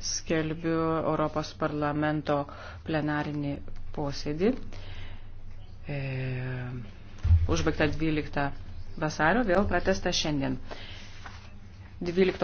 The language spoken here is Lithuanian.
skelbiu Europos parlamento plenarinį posėdį. E, užbaigta 12 vasario, vėl pratesta šiandien. 12